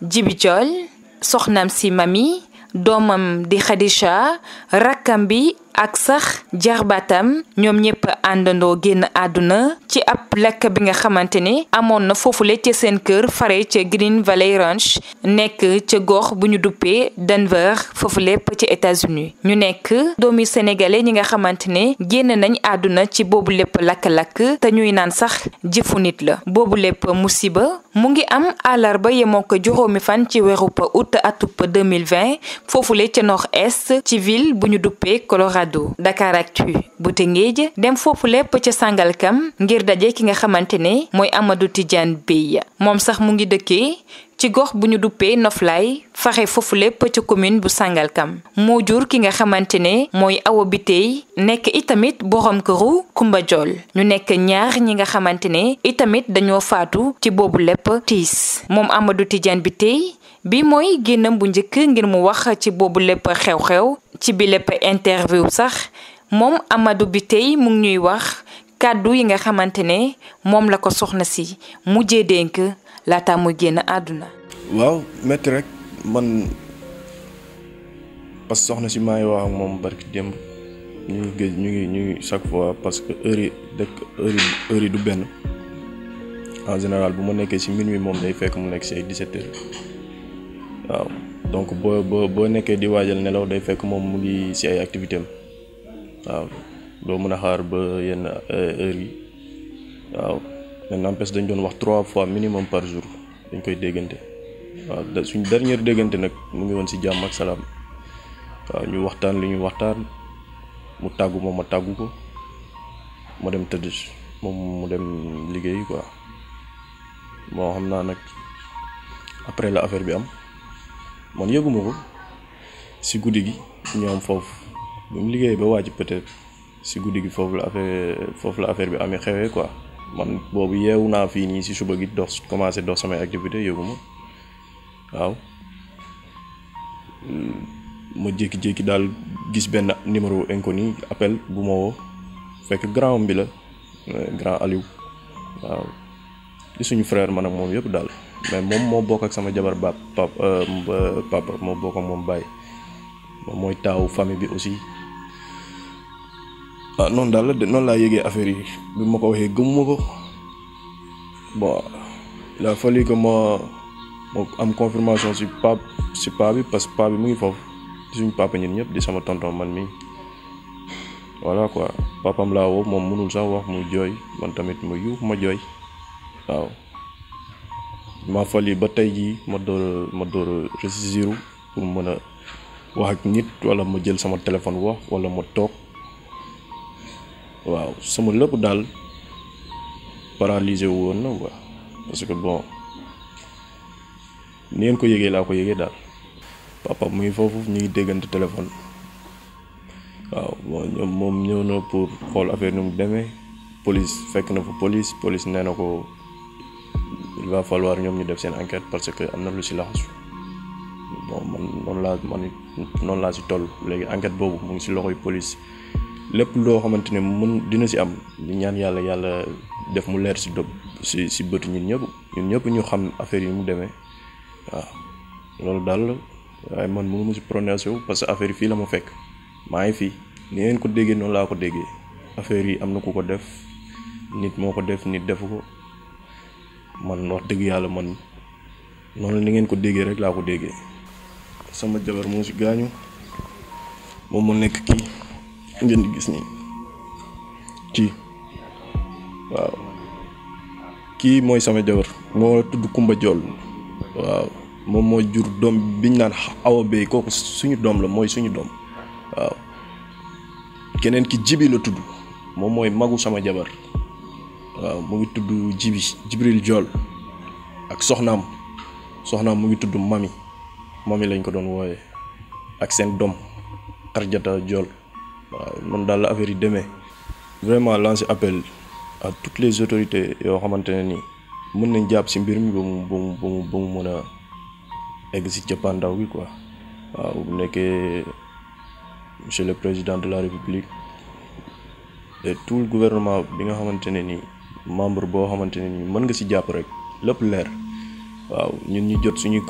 Djibi Diol soxnam si Mamy doomam di Khadija rakkam bi ak sax jarbaatam ñoom ñépp àndandoo génn àdduna ci ab lakk bi nga xamante ni amoon na foofu foofule ca seen kër fare ca Green Valley Ranch nekk ca gox bu ñu duppee Denver foofu lépp ci États-Unis ñu nekk doomi sénégalais ñi nga xamante ni génn nañ àdduna ci boobu lépp lakk-lakk te ñuy naan sax jëfu nit la boobu lépp musiba mu ngi am àllarba yemoo ko juróomi fan ci weeru août atub foofu foofule ca nord est ci ville bu ñu duppee Colorado Dakaractu bu Tëngéej dem foofu lépp ca Sangalkam ngir ki nga xamante ne mooy Amadou Tidiane Beye moom sax mu ngi dëkkee ci gox bu ñu duppee Noflaay faxe foofu lépp ci commune bu Sangalkam moo jur ki nga xamante ne mooy Awa Bitey nekk itamit borom këru Kumba ñu nekk ñaar ñi nga xamante ne itamit dañoo faatu ci boobu lépp moom Amadou Tidiane Bitey bi mooy génnam bu njëkk ngir mu wax ci boobu lépp xew-xew ci bi lépp interview sax moom Amadou Bitey mu ngi ñuy wax kàddu yi nga xamante ne moom la ko soxna si mujjee dénk laata muy génn àdduna. waaw métti rek man parce que soxna si maa ngi wax ak moom barki démb ñu ngi géej ñu ngi ñu ngi chaque fois parce que heure yi dëkk heure yi du benn en général bu ma nekkee si minuit moom day fekk mu nekk si ay 17 heures waaw donc boo boo boo nekkee di waajal nelaw day fekk moom mu ngi si ay activité waaw. do meuna xaar ba yenn heure eh, yi waaw mais n'empêche dañ doon wax trois fois minimum par jour dañ koy déggante waaw suñ dernière déggante nag mu ngi woon si jàmm ak salaam waaw ñu waxtaan li ñu waxtaan mu tàggu moom ma tàggu ko ma dem tëdd moom mu dem liggéey quoi bon xam naa nag après la affaire bi am man yëguma ko si guddi gi ñu am foofu bu mu liggéey ba wàcc peut-être si guddi gi fofu la affaire fofu la affaire bi amé xewé quoi man bobu yewu na fi ni si suba gi dox commencé dox sama activité yëgu waw waaw ma jékki-jékki daal gis ben numéro inconnu appel bu mo woo fekk grand bi la euh, grand Aliou waw ci suñu frère man ak mom yépp dal mais mom mo bok ak sama jabar bab pap euh, euh papa mo bok ak mom bay mom moy taw famille bi aussi ah noonu daal la de noonu laa yëgee affaire yi bi ma ko waxee gëmuma ko bon il a fallu que ma ma am confirmation si pap si paa bi parce que paa bi mu ngi foofu di suñu papa ñun ñëpp di sama tonton man mi voilà quoi papam laa woo moom mënul sax wax mu jooy man tamit ma yuux ma jooy waaw maa fallu ba tey jii ma door ma door a pour mën a wax ak nit wala ma jël sama téléphone wax wala ma toog. waaw sama lépp daal paralysé woon na quoi parce que bon ni ko yëgee laa ko yëgee daal papa mui ngi foofu degan ngi déggante téléphone waaw bon ñoom moom ñëw na pour xool affaire nu mu demee police fekk na fa police police nee na ko il va falloir ñoom ñu def seen enquête parce que am na lu si laxasu bon man noonu laa man noonu si toll léegi enquête boobu mu ngi si loxoy police lépp loo xamante ne mun dina si am ñu ñaan yàlla yàlla def mu leer si dob si si bët ñun ñëpp ñun ñëpp ñu xam affaire yi mu demee waaw loolu daal waaye man mënu ma si prononcé wu parce que affaire yi fii la ma fekk maa ngi fii ni ngeen ko déggee noonu laa ko déggee affaire yi am na ku ko def nit moo ko def nit def ko man wax dëgg yàlla man noonu ni ngeen ko déggee rek laa ko déggee sama jabar moo si gaañu moom mu nekk kii ngeen di gis ni ci waaw kii mooy sama jabar moo tudd kumba jool waaw moom moo jur doom biñ naan awa bay kooku suñu doom la mooy suñu doom waaw keneen ki jibi la tudd moom mooy magu sama jabar waaw mu ngi tudd jibi jibril jool ak soxnaam soxnaam mu ngi tudd mami mami lañ ko doon wooye ak seen doom xarjata jool Je dal la affaire vraiment lancer appel à toutes les autorités et xamante ne quoi monsieur le président de la république et tout le gouvernement bi nga xamante ne membre boo xamante ne nga ci jàpp rek lépp ñun ñu jot ñu